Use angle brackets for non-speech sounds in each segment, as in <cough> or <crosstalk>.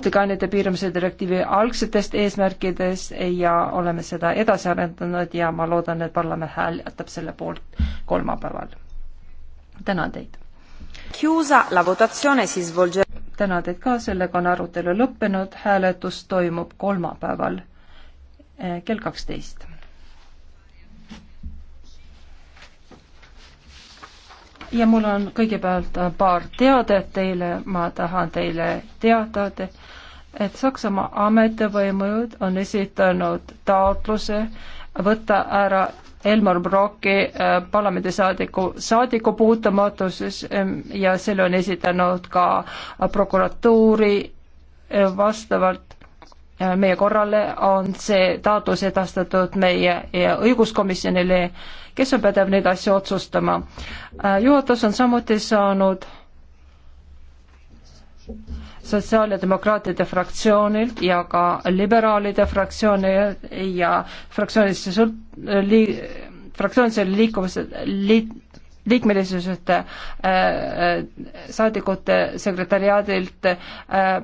nutikannete piiramise direktiivi algsetest eesmärkidest ja oleme seda edasi arendanud ja ma loodan, et parlament hääletab selle poolt kolmapäeval. tänan teid. tänan teid ka, sellega on arutelu lõppenud, hääletus toimub kolmapäeval eh, kell kaksteist. ja mul on kõigepealt äh, paar teadet teile, ma tahan teile teatada, et Saksamaa ametivõimud on esitanud taotluse võtta ära Elmar Brocki äh, parlamendisaadiku saadikupuutumatuses ähm, ja selle on esitanud ka prokuratuuri äh, vastavalt meie korrale, on see taotlus edastatud meie õiguskomisjonile, kes on pädev neid asju otsustama. Äh, juhatus on samuti saanud sotsiaaldemokraatide fraktsioonilt ja ka liberaalide fraktsiooni ja fraktsioonilise sõlt-, äh, li-, fraktsioonilise liikumise liit-, liikmelisusest äh, äh saadikute sekretariaadilt äh,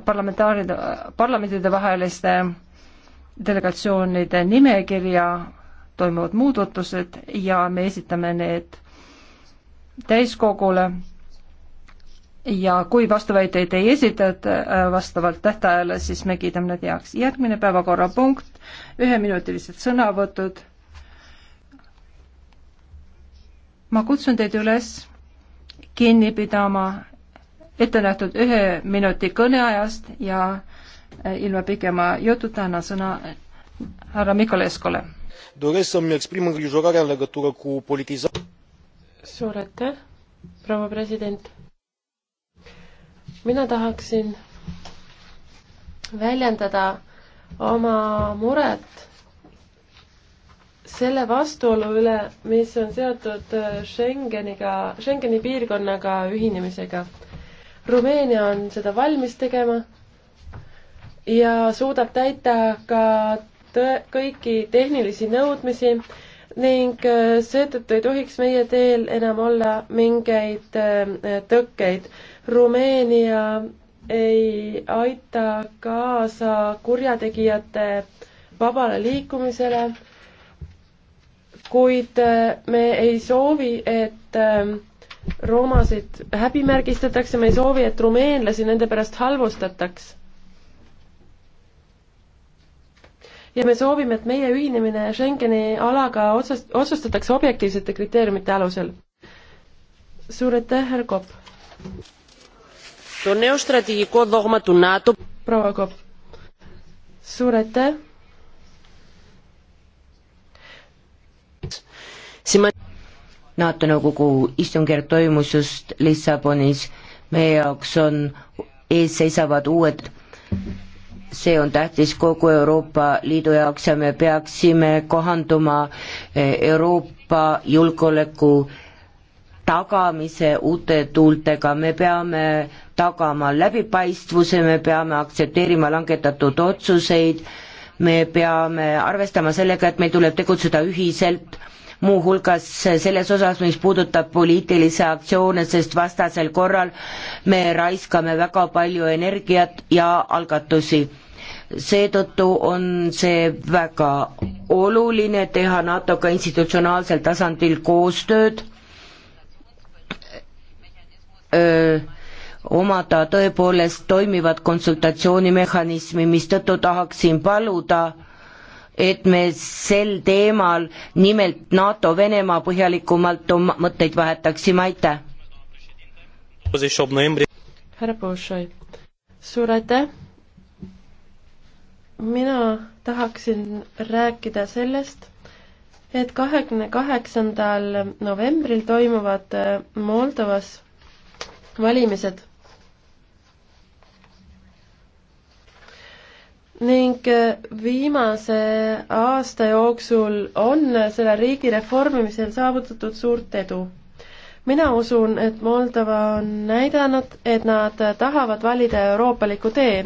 parlamentaaride, parlamentide vaheliste delegatsioonide nimekirja toimuvad muudatused ja me esitame need täiskogule ja kui vastuväiteid ei esitata äh, vastavalt tähtajale, siis me kiidame need heaks. järgmine päevakorrapunkt, üheminutilised sõnavõtud ma kutsun teid üles kinni pidama ette nähtud ühe minuti kõneajast ja eh, ilma pikema jututa annan sõna härra Mikoleskole. doresc să-mi exprim îngrijorarea în legătură cu politizarea suur aitäh, proua president. mina tahaksin väljendada oma muret selle vastuolu üle, mis on seotud äh, Schengeniga, Schengeni piirkonnaga ühinemisega. Rumeenia on seda valmis tegema ja suudab täita ka tõ-, kõiki tehnilisi nõudmisi ning äh, seetõttu ei tohiks meie teel enam olla mingeid äh, tõkkeid. Rumeenia ei aita kaasa kurjategijate vabale liikumisele kuid äh, me ei soovi, et ähm, roomasid häbimärgistatakse, me ei soovi, et rumeenlasi nende pärast halvustataks. ja me soovime, et meie ühinemine Schengeni alaga otsast-, otsustatakse objektiivsete kriteeriumite alusel. suur aitäh, härra Kopp! proua Kopp, suur aitäh! siin ma NATO nõukogu istungjärk toimus just Lissabonis, meie jaoks on, ees seisavad uued, see on tähtis kogu Euroopa Liidu jaoks ja me peaksime kohanduma eh, Euroopa julgeoleku tagamise uute tuultega, me peame tagama läbipaistvuse, me peame aktsepteerima langetatud otsuseid, me peame arvestama sellega, et meil tuleb tegutseda ühiselt muuhulgas selles osas, mis puudutab poliitilisi aktsioone, sest vastasel korral me raiskame väga palju energiat ja algatusi. seetõttu on see väga oluline teha NATO-ga institutsionaalsel tasandil koostööd, omada tõepoolest toimivat konsultatsioonimehhanismi, mistõttu tahaksin paluda öö, et me sel teemal, nimelt NATO-Venemaa põhjalikumalt oma mõtteid vahetaksime, aitäh! härra Bolšoi, suur aitäh! mina tahaksin rääkida sellest, et kahekümne kaheksandal novembril toimuvad Moldovas valimised ning äh, viimase aasta jooksul on selle riigi reformimisel saavutatud suurt edu. mina usun, et Moldova on näidanud, et nad tahavad valida euroopaliku tee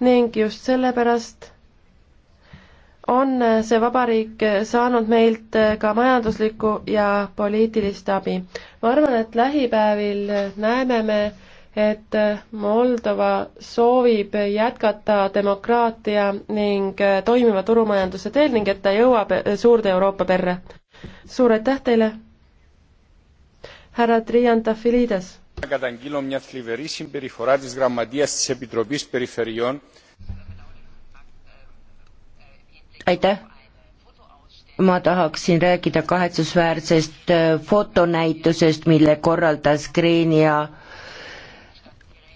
ning just sellepärast on see vabariik saanud meilt ka majanduslikku ja poliitilist abi. ma arvan, et lähipäevil näeme me, et Moldova soovib jätkata demokraatia ning äh, toimiva turumajanduse teel ning et ta jõuab äh, suurde Euroopa perre. suur aitäh teile, härra Triantafilides! καταγγείλω μια θλιβερή συμπεριφορά της γραμματείας της Επιτροπής Περιφερειών. Aitäh! ma tahaksin rääkida kahetsusväärsest äh, fotonäitusest, mille korraldas Kreenia äh,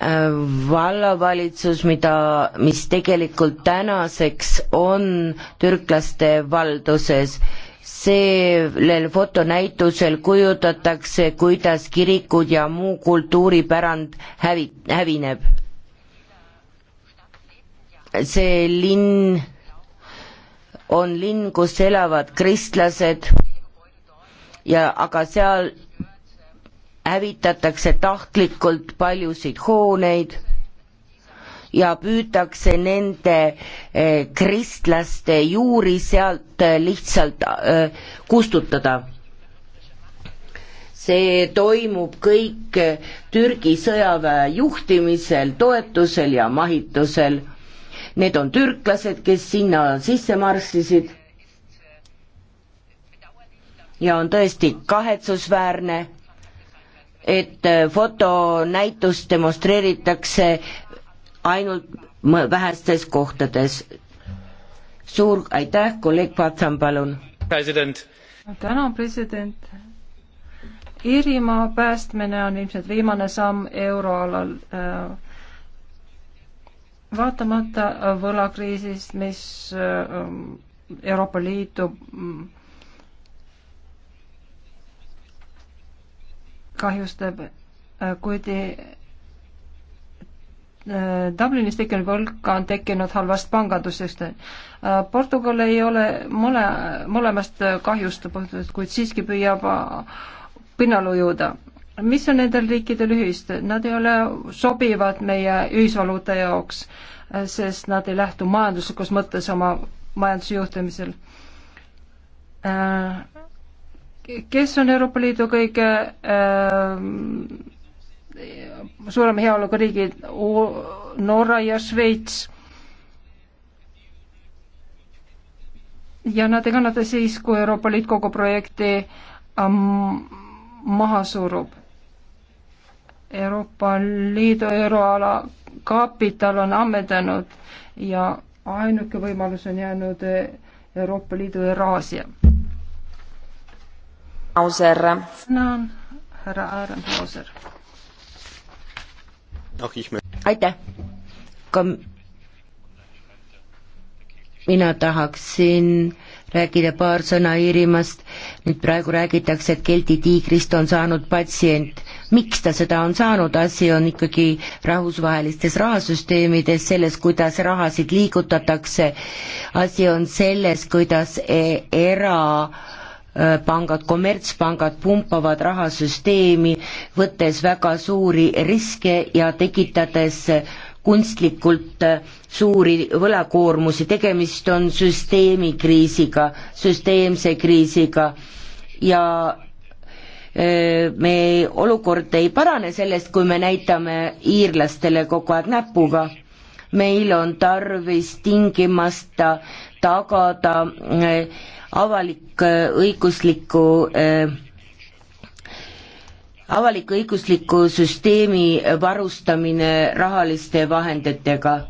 Äh, vallavalitsus, mida, mis tegelikult tänaseks on türklaste valduses. sellel fotonäitusel kujutatakse, kuidas kirikud ja muu kultuuripärand hävi-, hävineb. see linn on linn, kus elavad kristlased ja aga seal hävitatakse tahtlikult paljusid hooneid ja püütakse nende eh, kristlaste juuri sealt eh, lihtsalt eh, kustutada. see toimub kõik Türgi sõjaväe juhtimisel, toetusel ja mahitusel. Need on türklased, kes sinna sisse marssisid. ja on tõesti kahetsusväärne et äh, fotonäitust demonstreeritakse ainult vähestes kohtades. suur aitäh, kolleeg Patsam, palun. president. tänan, president. Iirimaa päästmine on ilmselt viimane samm euroalal äh, vaatamata võlakriisist, mis äh, Euroopa Liitu mm, kahjustab, äh, kuid äh, Dublinis tekkinud võlg on tekkinud halvast pangandusest. Äh, Portugal ei ole mõle, mõlemast kahjustatud, kuid siiski püüab pinnal ujuda. mis on nendel riikidel ühist? Nad ei ole sobivad meie ühisvaluuta jaoks, sest nad ei lähtu majanduslikus mõttes oma majanduse juhtimisel kes on Euroopa Liidu kõige äh, suurema heaoluga riigid, Norra ja Šveits. ja nad ei kannata siis, kui Euroopa Liit kogu projekti ähm, maha surub. Euroopa Liidu euroala kapital on ammendanud ja ainuke võimalus on jäänud Euroopa Liidu Euraasia Auser. tänan, härra Aarenhauser. Noh, aitäh. ka mina tahaksin rääkida paar sõna Iirimaast. nüüd praegu räägitakse, et Kelti tiigrist on saanud patsient. miks ta seda on saanud, asi on ikkagi rahvusvahelistes rahasüsteemides, selles, kuidas rahasid liigutatakse. asi on selles, kuidas era pangad, kommertspangad pumpavad rahasüsteemi, võttes väga suuri riske ja tekitades kunstlikult suuri võlakoormusi, tegemist on süsteemikriisiga, süsteemse kriisiga ja e, me, olukord ei parane sellest, kui me näitame iirlastele kogu aeg näpuga. meil on tarvis tingimata tagada e, avalik-õigusliku äh, äh, avalik-õigusliku süsteemi varustamine rahaliste vahenditega.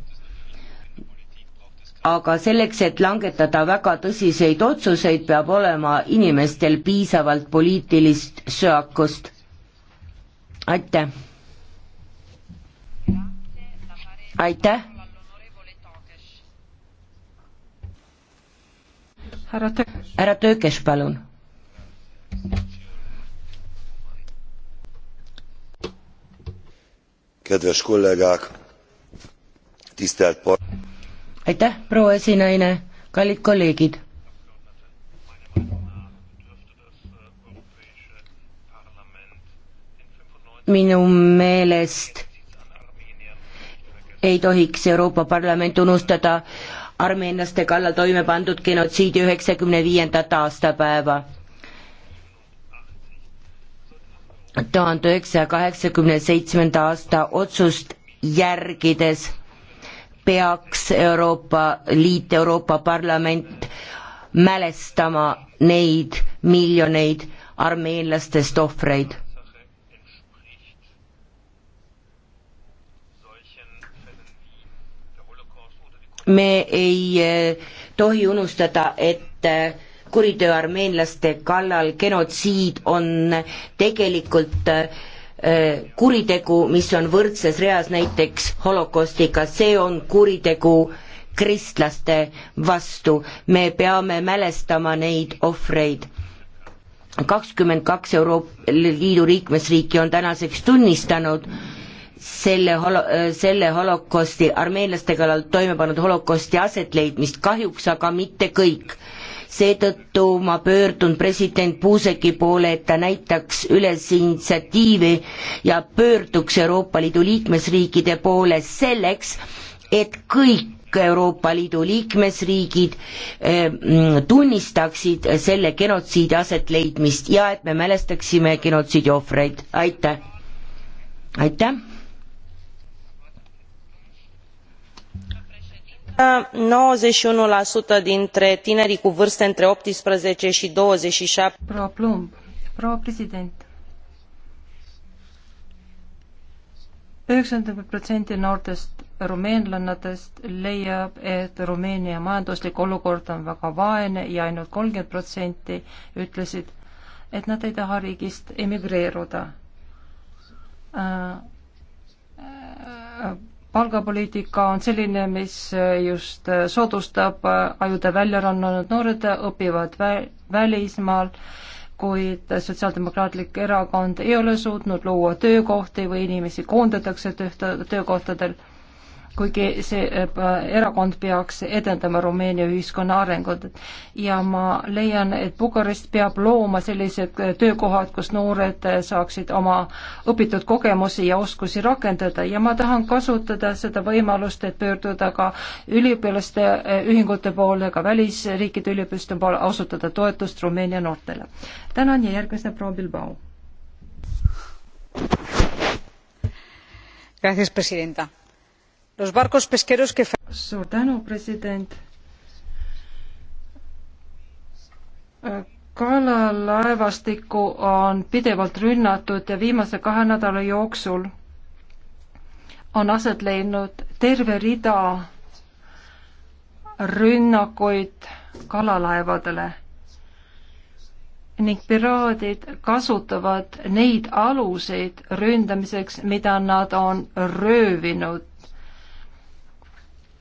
aga selleks, et langetada väga tõsiseid otsuseid, peab olema inimestel piisavalt poliitilist söakust. aitäh! aitäh! härra Töökes, palun. aitäh, proua esinaine, kallid kolleegid minu meelest ei tohiks Euroopa Parlament unustada armeenlaste kallal toime pandud genotsiidi üheksakümne viiendat aastapäeva. tuhande üheksasaja kaheksakümne seitsmenda aasta otsust järgides peaks Euroopa Liit, Euroopa Parlament mälestama neid miljoneid armeenlastest ohvreid me ei eh, tohi unustada, et eh, kuriteo armeenlaste kallal genotsiid on tegelikult eh, kuritegu, mis on võrdses reas näiteks holokostiga, see on kuritegu kristlaste vastu, me peame mälestama neid ohvreid. kakskümmend kaks Euroopa Liidu liikmesriiki on tänaseks tunnistanud selle holo-, selle holokosti, armeenlaste kallal toime pannud holokosti asetleidmist, kahjuks aga mitte kõik. seetõttu ma pöördun president Puuseki poole, et ta näitaks üles initsiatiivi ja pöörduks Euroopa Liidu liikmesriikide poole selleks, et kõik Euroopa Liidu liikmesriigid eh, mm, tunnistaksid selle genotsiidi asetleidmist ja et me mälestaksime genotsiidi ohvreid, aitäh! aitäh! nouăzeci și unu dintre tinerii cu vârste între optsprezece și douăzeci și șapte üheksakümmend protsenti noortest rumeenlannadest leiab, et Rumeenia majanduslik olukord on väga vaene ja ainult kolmkümmend protsenti ütlesid, et nad ei taha riigist emigreeruda palgapoliitika on selline, mis just soodustab ajude väljarannanud noored õpivad vä-, välismaal, kuid Sotsiaaldemokraatlik Erakond ei ole suutnud luua töökohti või inimesi koondatakse töökohtadel kuigi see eh, erakond peaks edendama Rumeenia ühiskonna arengut. ja ma leian, et Bukarest peab looma sellised eh, töökohad, kus noored eh, saaksid oma õpitud kogemusi ja oskusi rakendada ja ma tahan kasutada seda võimalust, et pöörduda ka üliõpilaste ühingute poole, ka välisriikide üliõpilaste poole, osutada toetust Rumeenia noortele. tänan ja järgmisena proua Bilbao. Gracias, presidenta los barcos pesqueros que suur tänu, president. Äh, kalalaevastikku on pidevalt rünnatud ja viimase kahe nädala jooksul on aset leidnud terve rida rünnakuid kalalaevadele ning piraadid kasutavad neid aluseid ründamiseks, mida nad on röövinud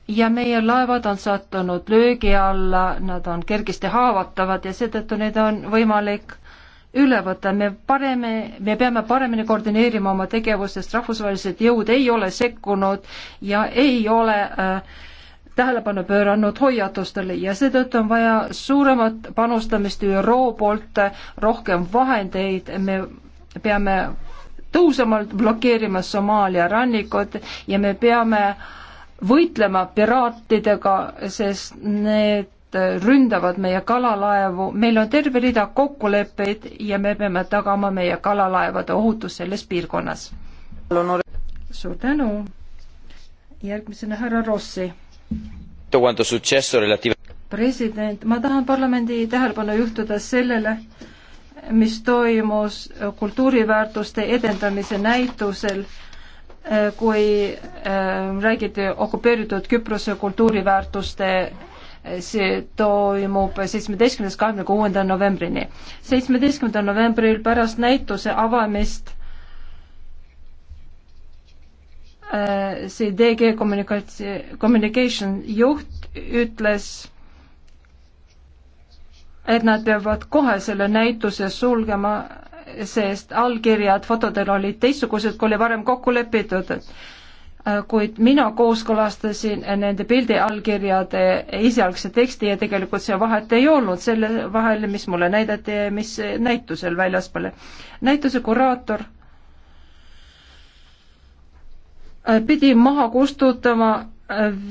ja meie laevad on sattunud löögi alla, nad on kergesti haavatavad ja seetõttu neid on võimalik üle võtta, me pareme, me peame paremini koordineerima oma tegevusest, rahvusvahelised jõud ei ole sekkunud ja ei ole äh, tähelepanu pööranud hoiatustele ja seetõttu on vaja suuremat panustamist ÜRO poolt, rohkem vahendeid, me peame tõhusamalt blokeerima Somaalia rannikud ja me peame äh, võitlema piraatidega, sest need ründavad meie kalalaevu, meil on terve rida kokkuleppeid ja me peame tagama meie kalalaevade ohutus selles piirkonnas. suur tänu, järgmisena härra Rossi. president, ma tahan parlamendi tähelepanu juhtuda sellele, mis toimus kultuuriväärtuste edendamise näitusel Äh, kui äh, räägiti okupeeritud Küprose kultuuriväärtuste äh, see toimub seitsmeteistkümnendast kahekümne kuuenda novembrini. seitsmeteistkümnendal novembril pärast näituse avamist see DG kommunikatsioon, communication juht ütles, et nad peavad kohe selle näituse sulgema sest allkirjad fotodel olid teistsugused, kui oli varem kokku lepitud. kuid mina kooskõlastasin nende pildi allkirjade esialgse teksti ja tegelikult seal vahet ei olnud selle vahel, mis mulle näidati ja mis näitusel väljas pole. näituse kuraator pidi maha kustutama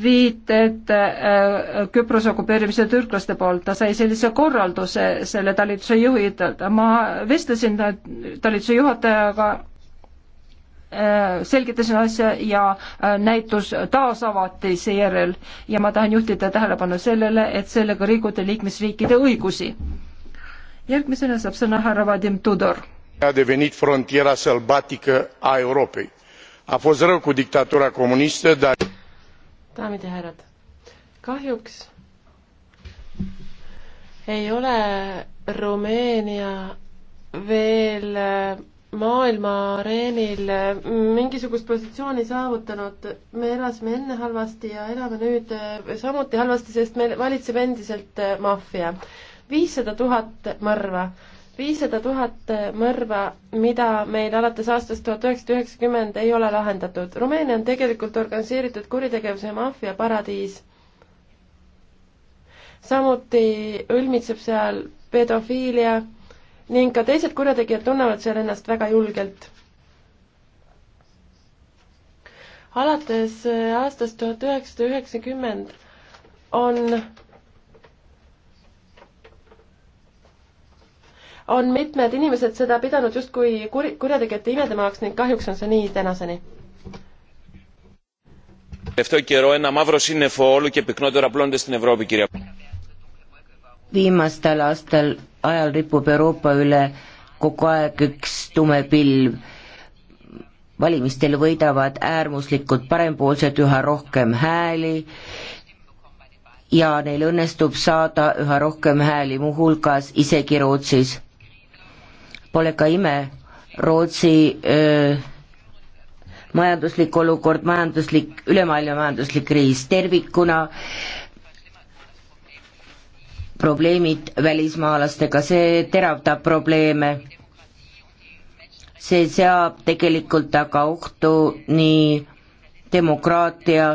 viited äh, Küprose okupeerimise türklaste poolt, ta sai sellise korralduse selle talituse juhilt, ma vestlesin talituse juhatajaga, äh, selgitasin asja ja äh, näitus taasavati seejärel ja ma tahan juhtida tähelepanu sellele, et sellega rikuti liikmesriikide õigusi. järgmisena saab sõna härra Vadim Tudor. a devenit frontiera sălbatică a Europei. a fost rău cu dictatura comunistă, dar daamid ja härrad, kahjuks ei ole Rumeenia veel äh, maailma areenil äh, mingisugust positsiooni saavutanud, me elasime enne halvasti ja elame nüüd äh, samuti halvasti, sest meil valitseb endiselt maffia. viissada tuhat mõrva viissada tuhat mõrva, mida meil alates aastast tuhat üheksasada üheksakümmend ei ole lahendatud. Rumeenia on tegelikult organiseeritud kuritegevuse ja maffia paradiis. samuti õlmitseb seal pedofiilia ning ka teised kurjategijad tunnevad seal ennast väga julgelt. alates aastast tuhat üheksasada üheksakümmend on on mitmed inimesed seda pidanud justkui kur-, kurjategijate imedemaaks ning kahjuks on see nii tänaseni. viimastel aastal ajal ripub Euroopa üle kogu aeg üks tume pilv. valimistel võidavad äärmuslikud parempoolsed üha rohkem hääli ja neil õnnestub saada üha rohkem hääli, muuhulgas isegi Rootsis Pole ka ime, Rootsi öö, majanduslik olukord, majanduslik, ülemaailmne majanduslik kriis tervikuna, probleemid välismaalastega, see teravdab probleeme. see seab tegelikult aga ohtu nii demokraatia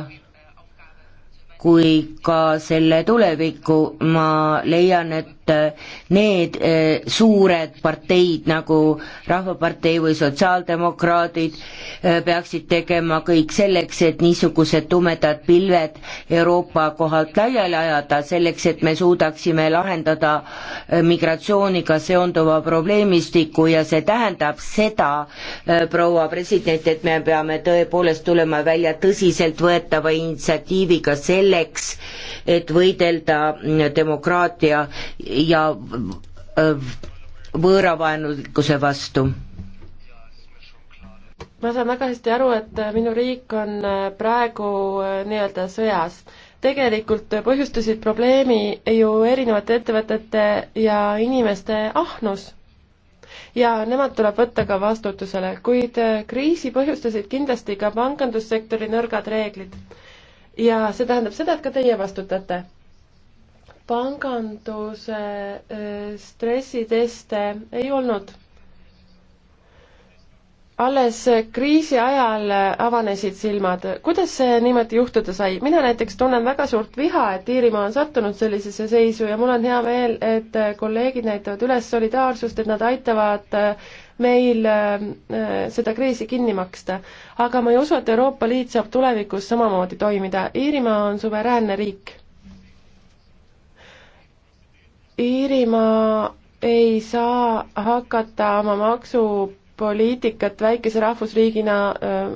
kui ka selle tulevikku, ma leian, et äh, need äh, suured parteid nagu Rahvapartei või Sotsiaaldemokraadid äh, peaksid tegema kõik selleks, et niisugused tumedad pilved Euroopa kohalt laiali ajada, selleks et me suudaksime lahendada migratsiooniga seonduva probleemistiku ja see tähendab seda, proua president, et me peame tõepoolest tulema välja tõsiseltvõetava initsiatiiviga selle selleks, et võidelda demokraatia ja äh, võõravaenulikkuse vastu? ma saan väga hästi aru, et minu riik on äh, praegu äh, nii-öelda sõjas tegelikult põhjustasid probleemi ju erinevate ettevõtete ja inimeste ahnus. ja nemad tuleb võtta ka vastutusele, kuid kriisi põhjustasid kindlasti ka pangandussektori nõrgad reeglid ja see tähendab seda, et ka teie vastutate. panganduse äh, stressiteste ei olnud alles kriisi ajal avanesid silmad. kuidas see niimoodi juhtuda sai? mina näiteks tunnen väga suurt viha, et Iirimaa on sattunud sellisesse seisu ja mul on hea meel, et kolleegid näitavad üles solidaarsust, et nad aitavad meil äh, seda kriisi kinni maksta. aga ma ei usu, et Euroopa Liit saab tulevikus samamoodi toimida. Iirimaa on suveräänne riik. Iirimaa ei saa hakata oma maksu poliitikat väikese rahvusriigina äh,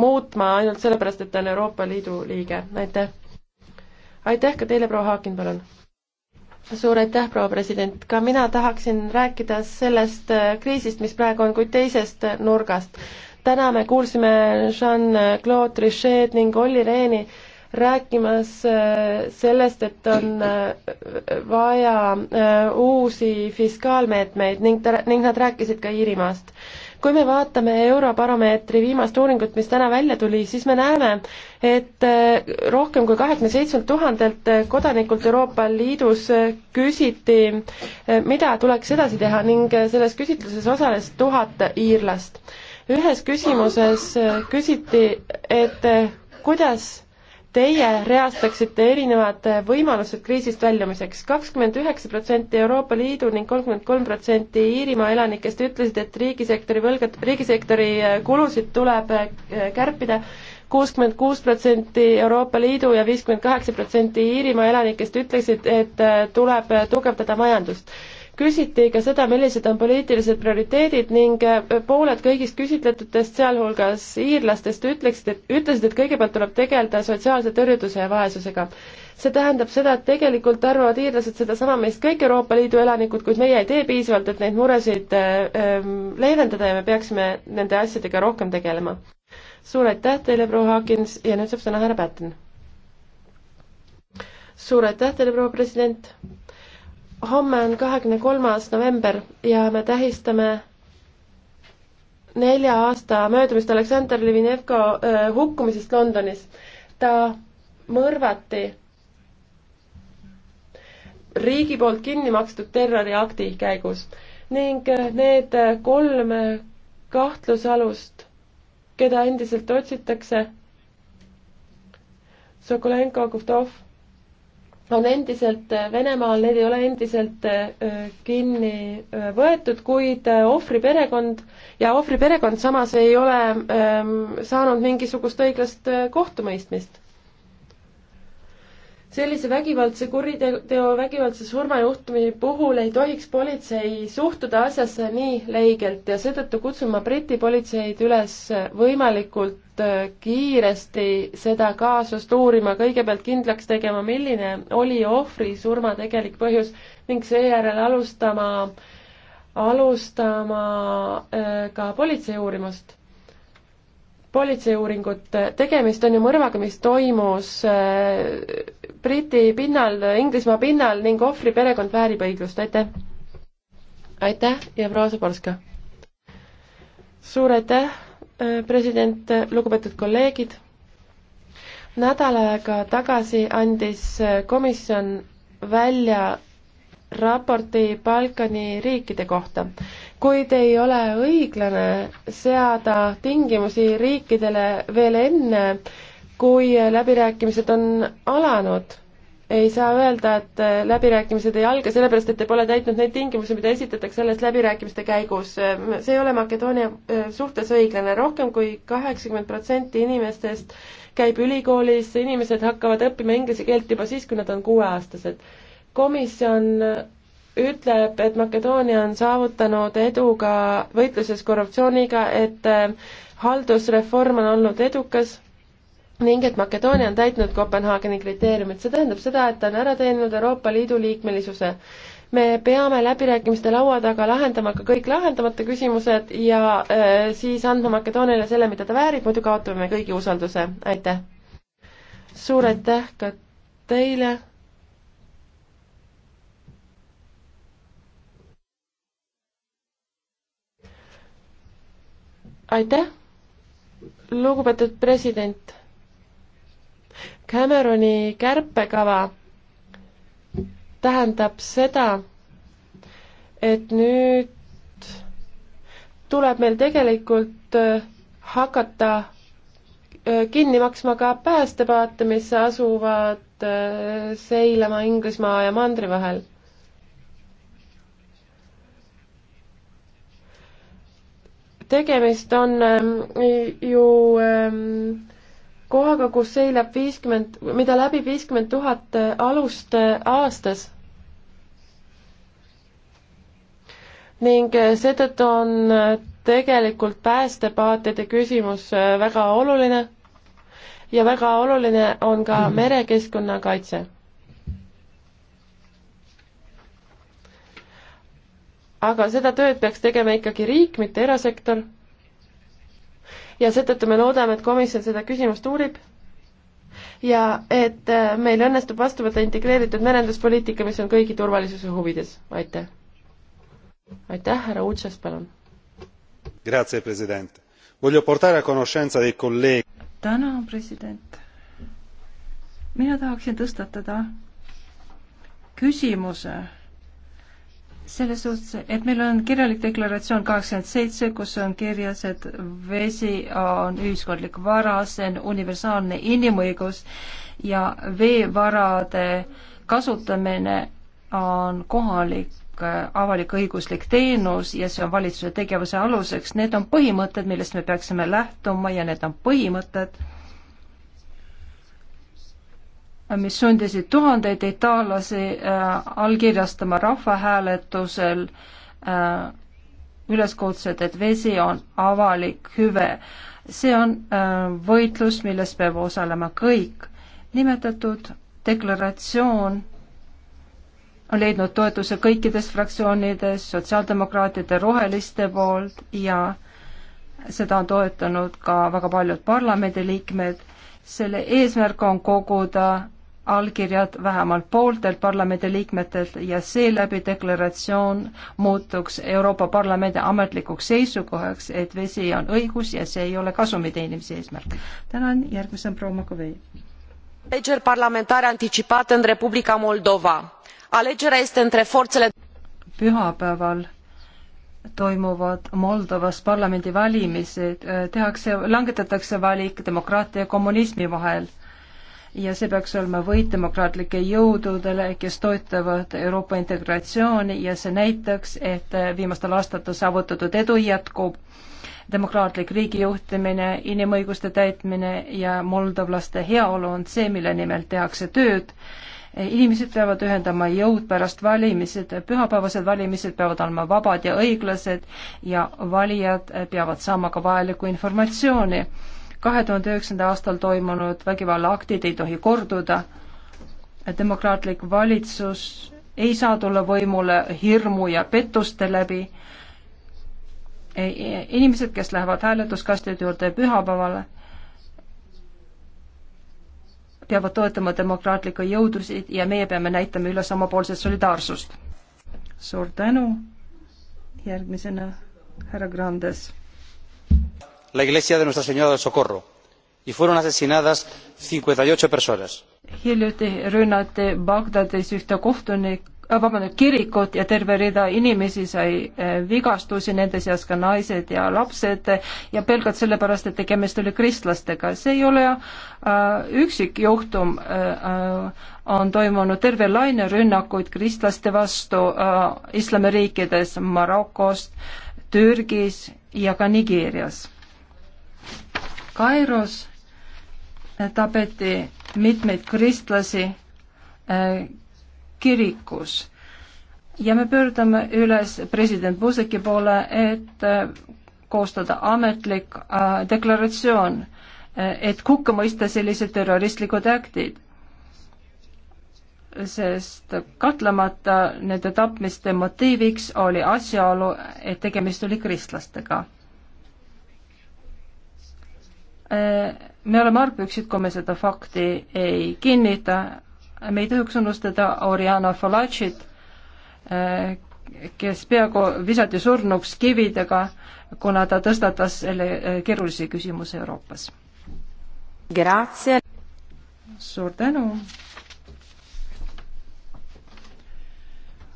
muutma ainult sellepärast, et ta on Euroopa Liidu liige, aitäh! aitäh ka teile, proua Haakin, palun! suur aitäh, proua president, ka mina tahaksin rääkida sellest äh, kriisist, mis praegu on, kuid teisest äh, nurgast. täna me kuulsime Jean-Claude Trichet ning Olli Rehni rääkimas äh, sellest, et on äh, vaja äh, uusi fiskaalmeetmeid ning ta, ning nad rääkisid ka Iirimaast. kui me vaatame Eurobaromeetri viimast uuringut, mis täna välja tuli, siis me näeme, et rohkem kui kahekümne seitsmelt tuhandelt kodanikult Euroopa Liidus küsiti, mida tuleks edasi teha ning selles küsitluses osales tuhat iirlast. ühes küsimuses küsiti, et kuidas teie reastaksite erinevad võimalused kriisist väljumiseks. kakskümmend üheksa protsenti Euroopa Liidu ning kolmkümmend kolm protsenti Iirimaa elanikest ütlesid, et riigisektori võlgad, riigisektori äh, kulusid tuleb äh, kärpida, kuuskümmend kuus protsenti Euroopa Liidu ja viiskümmend kaheksa protsenti Iirimaa elanikest ütlesid, et äh, tuleb tugevdada majandust küsiti ka seda, millised on poliitilised prioriteedid ning äh, pooled kõigist küsitletutest, sealhulgas iirlastest, ütleksid, et ütlesid, et kõigepealt tuleb tegeleda sotsiaalse tõrjutuse ja vaesusega. see tähendab seda, et tegelikult arvavad iirlased sedasama meist kõik Euroopa Liidu elanikud, kuid meie ei tee piisavalt, et neid muresid äh, ähm, leevendada ja me peaksime nende asjadega rohkem tegelema. suur aitäh teile, proua Hakins, ja nüüd saab sõna härra Pätten. suur aitäh teile, proua president! homme on kahekümne kolmas november ja me tähistame nelja aasta möödumist Aleksandr Levinevko hukkumisest Londonis. ta mõrvati riigi poolt kinni makstud terroriakti käigus ning need kolm kahtlusalust, keda endiselt otsitakse, Sokolenko, Kutov on endiselt äh, Venemaal, need ei ole endiselt äh, kinni äh, võetud, kuid ohvri perekond ja ohvri perekond samas ei ole ähm, saanud mingisugust õiglast kohtumõistmist sellise vägivaldse kuriteo, vägivaldse surmajuhtumi puhul ei tohiks politsei suhtuda asjasse nii leigelt ja seetõttu kutsun ma Briti politseid üles võimalikult äh, kiiresti seda kaasust uurima, kõigepealt kindlaks tegema, milline oli ohvri surma tegelik põhjus ning seejärel alustama, alustama äh, ka politsei uurimust politseiuuringut, tegemist on ju mõrvaga, mis toimus äh, Briti pinnal, Inglismaa pinnal ning ohvri perekond väärib õiglust, aitäh! aitäh ja proua Sobolska! suur aitäh, äh, president, lugupeetud kolleegid! nädal aega tagasi andis äh, komisjon välja raporti Balkani riikide kohta kuid ei ole õiglane seada tingimusi riikidele veel enne, kui läbirääkimised on alanud ei saa öelda, et läbirääkimised ei alga, sellepärast et te pole täitnud neid tingimusi, mida esitatakse alles läbirääkimiste käigus. see ei ole Makedoonia äh, suhtes õiglane, rohkem kui kaheksakümmend protsenti inimestest käib ülikoolis, inimesed hakkavad õppima inglise keelt juba siis, kui nad on kuueaastased. komisjon ütleb, et Makedoonia on saavutanud edu ka võitluses korruptsiooniga, et äh, haldusreform on olnud edukas ning et Makedoonia on täitnud Kopenhaageni kriteeriumid. see tähendab seda, et ta on ära teeninud Euroopa Liidu liikmelisuse. me peame läbirääkimiste laua taga lahendama ka kõik lahendamata küsimused ja äh, siis andma Makedooniale selle, mida ta väärib, muidu kaotame me kõigi usalduse. aitäh! suur aitäh ka teile! aitäh, lugupeetud president. Cameroni kärpekava tähendab seda, et nüüd tuleb meil tegelikult äh, hakata äh, kinni maksma ka päästepaate, mis asuvad äh, seilama Inglismaa ja mandri vahel tegemist on ähm, ju ähm, kohaga, kus seilab viiskümmend, mida läbib viiskümmend tuhat äh, alust äh, aastas. ning äh, seetõttu on tegelikult päästepaatide küsimus väga oluline ja väga oluline on ka <clears throat> merekeskkonna kaitse aga seda tööd peaks tegema ikkagi riik, mitte erasektor. ja seetõttu me loodame, et komisjon seda küsimust uurib ja et äh, meil õnnestub vastu võtta integreeritud merenduspoliitika, mis on kõigi turvalisuse huvides. aitäh. aitäh, härra Utsas, palun. Grazie, president. Voglio portare a conoscenza dei colleghi. täna, president. mina tahaksin tõstatada küsimuse selles suhtes, et meil on kirjalik deklaratsioon kaheksakümmend seitse, kus on kirjas, et vesi on ühiskondlik vara, see on universaalne inimõigus ja veevarade kasutamine on kohalik avalik-õiguslik teenus ja see on valitsuse tegevuse aluseks. Need on põhimõtted, millest me peaksime lähtuma ja need on põhimõtted, mis sundisid tuhandeid itaallasi äh, allkirjastama rahvahääletusel äh, üleskutsed, et vesi on avalik hüve. see on äh, võitlus, milles peab osalema kõik. nimetatud deklaratsioon on leidnud toetuse kõikides fraktsioonides, sotsiaaldemokraatide, roheliste poolt ja seda on toetanud ka väga paljud parlamendiliikmed. selle eesmärk on koguda allkirjad vähemalt pooltelt parlamendiliikmetelt ja seeläbi deklaratsioon muutuks Euroopa Parlamendi ametlikuks seisukohaks, et vesi on õigus ja see ei ole kasumi teenimise eesmärk. tänan, järgmisena proua Makovei. alegeri parlamentare anticipate în Republica Moldova. alegerea este între forțele pühapäeval toimuvad Moldovas parlamendivalimised, tehakse, langetatakse valik demokraatia ja kommunismi vahel ja see peaks olema võit demokraatlike jõududele, kes toetavad Euroopa integratsiooni ja see näitaks, et viimastel aastatel saavutatud edu jätkub. demokraatlik riigi juhtimine, inimõiguste täitmine ja moldovlaste heaolu on see, mille nimel tehakse tööd inimesed peavad ühendama jõud pärast valimised, pühapäevased valimised peavad olema vabad ja õiglased ja valijad peavad saama ka vajalikku informatsiooni kahe tuhande üheksanda aastal toimunud vägivallaaktid ei tohi korduda. demokraatlik valitsus ei saa tulla võimule hirmu ja pettuste läbi. inimesed, kes lähevad hääletuskastide juurde pühapäevale, peavad toetama demokraatlikke jõudusid ja meie peame näitama üles omapoolset solidaarsust. suur tänu, järgmisena härra Grandes la iglesia de nuestra señora del socorro y fueron asesinadas cincuenta y ocho personas. hiljuti rünnati Bagdadis ühte kohtunik-, äh, vabandust, kirikut ja terve rida inimesi sai äh, vigastusi, nende seas ka naised ja lapsed ja pelgalt sellepärast, et tegemist oli kristlastega. see ei ole äh, üksikjuhtum äh, äh,, on toimunud terve laine rünnakuid kristlaste vastu äh, islamiriikides Marokost, Türgis ja ka Nigeerias Kairos äh, tapeti mitmeid kristlasi äh, kirikus ja me pöördume üles president Buzeki poole, et äh, koostada ametlik deklaratsioon, et hukka mõista sellised terroristlikud aktid. sest kahtlemata nende tapmiste motiiviks oli asjaolu, et tegemist oli kristlastega Äh, me oleme argpüksid, kui me seda fakti ei kinnita. me ei tohiks unustada Oriana Falacit, äh, kes peaaegu visati surnuks kividega, kuna ta tõstatas selle äh, keerulise küsimuse Euroopas. suur tänu.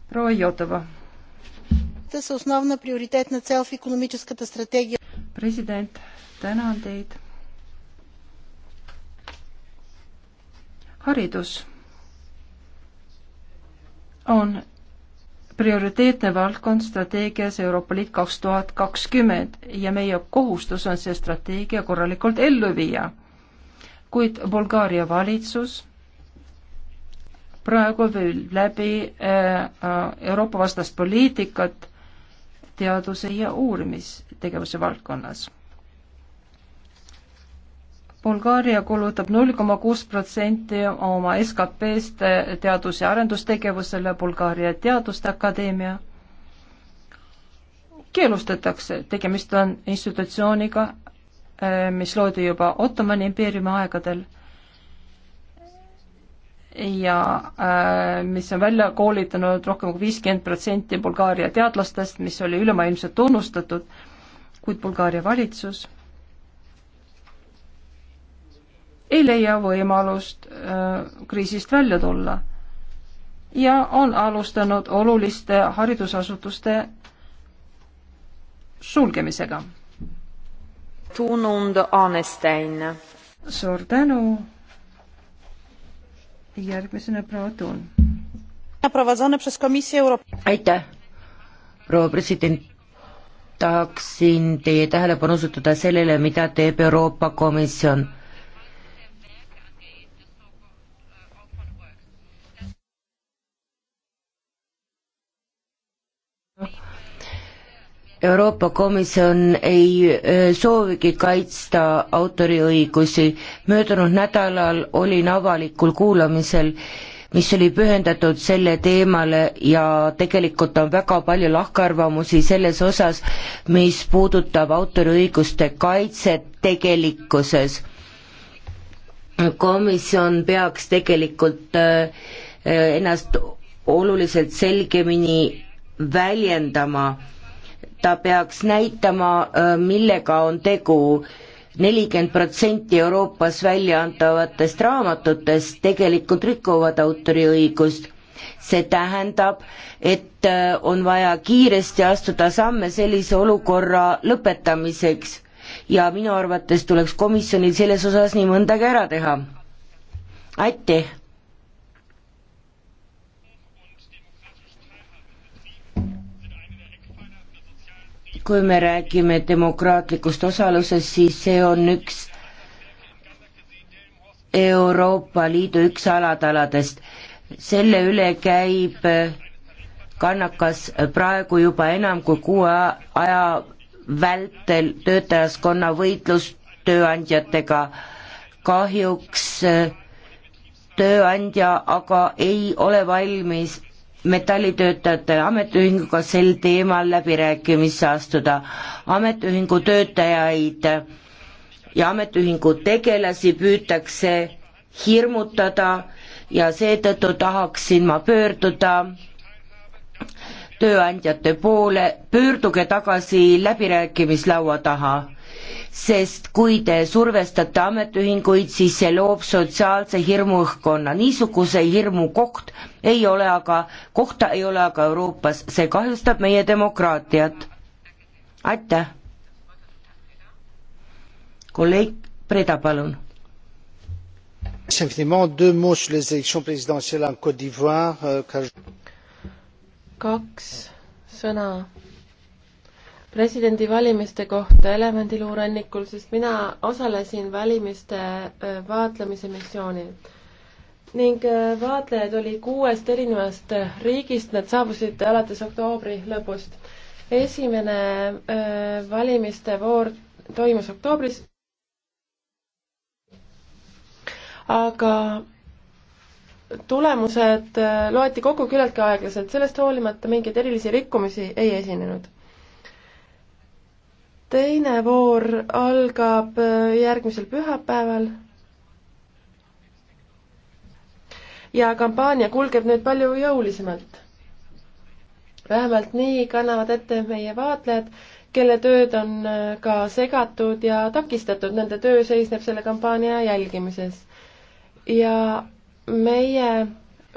proua Jotova. president, tänan teid haridus on prioriteetne valdkond strateegias Euroopa Liit kaks tuhat kakskümmend ja meie kohustus on see strateegia korralikult ellu viia. kuid Bulgaaria valitsus praegu veel läbi äh, Euroopa vastast poliitikat teaduse ja uurimistegevuse valdkonnas Bulgaaria kulutab null koma kuus protsenti oma SKP-st teadus- ja arendustegevusele, Bulgaaria Teaduste Akadeemia keelustatakse, tegemist on institutsiooniga, eh, mis loodi juba Ottomani impeeriumi aegadel ja äh, mis on välja koolitanud rohkem kui viiskümmend protsenti Bulgaaria teadlastest, mis oli ülemaailmselt tunnustatud, kuid Bulgaaria valitsus ei leia võimalust äh, kriisist välja tulla ja on alustanud oluliste haridusasutuste sulgemisega. Tunund Anestein. suur tänu. järgmisena proua Tuun. aitäh, proua president tahaksin teie tähelepanu osutada sellele, mida teeb Euroopa Komisjon Euroopa Komisjon ei e, soovigi kaitsta autoriõigusi. möödunud nädalal olin avalikul kuulamisel, mis oli pühendatud selle teemale ja tegelikult on väga palju lahkarvamusi selles osas, mis puudutab autoriõiguste kaitset tegelikkuses. komisjon peaks tegelikult e, e, ennast oluliselt selgemini väljendama ta peaks näitama, äh, millega on tegu. nelikümmend protsenti Euroopas välja antavatest raamatutest tegelikult rikuvad autoriõigust. see tähendab, et äh, on vaja kiiresti astuda samme sellise olukorra lõpetamiseks ja minu arvates tuleks komisjonil selles osas nii mõndagi ära teha. aitäh! kui me räägime demokraatlikust osalusest, siis see on üks Euroopa Liidu üks alataladest. selle üle käib kannakas praegu juba enam kui kuue aja vältel töötajaskonna võitlus tööandjatega. kahjuks tööandja aga ei ole valmis metallitöötajate ametiühinguga sel teemal läbirääkimisse astuda. ametiühingu töötajaid ja ametiühingu tegelasi püütakse hirmutada ja seetõttu tahaksin ma pöörduda tööandjate poole, pöörduge tagasi läbirääkimislaua taha, sest kui te survestate ametiühinguid, siis see loob sotsiaalse hirmuõhkkonna, niisuguse hirmu koht, ei ole aga, kohta ei ole aga Euroopas, see kahjustab meie demokraatiat. aitäh. kolleeg Preda, palun. Euh, kaks sõna presidendivalimiste kohta elevandiluurannikul, sest mina osalesin valimiste äh, vaatlemise missioonil ning äh, vaatlejaid oli kuuest erinevast äh, riigist, nad saabusid alates oktoobri lõpust. esimene äh, valimiste voor toimus oktoobris, aga tulemused loeti kokku küllaltki aeglaselt, sellest hoolimata mingeid erilisi rikkumisi ei esinenud. teine voor algab järgmisel pühapäeval ja kampaania kulgeb nüüd palju jõulisemalt. vähemalt nii kannavad ette meie vaatlejad, kelle tööd on äh, ka segatud ja takistatud, nende töö seisneb selle kampaania jälgimises. ja meie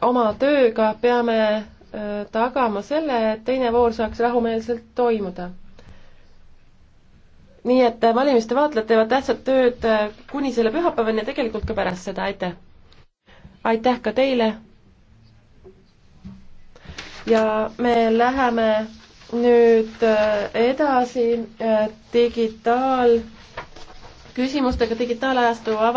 oma tööga peame äh, tagama selle, et teine voor saaks rahumeelselt toimuda. nii et äh, valimiste vaatlejad teevad tähtsat tööd kuni selle pühapäevani ja tegelikult ka pärast seda, aitäh! aitäh ka teile. ja me läheme nüüd äh, edasi äh, digitaal, küsimustega digitaalajastu ava-.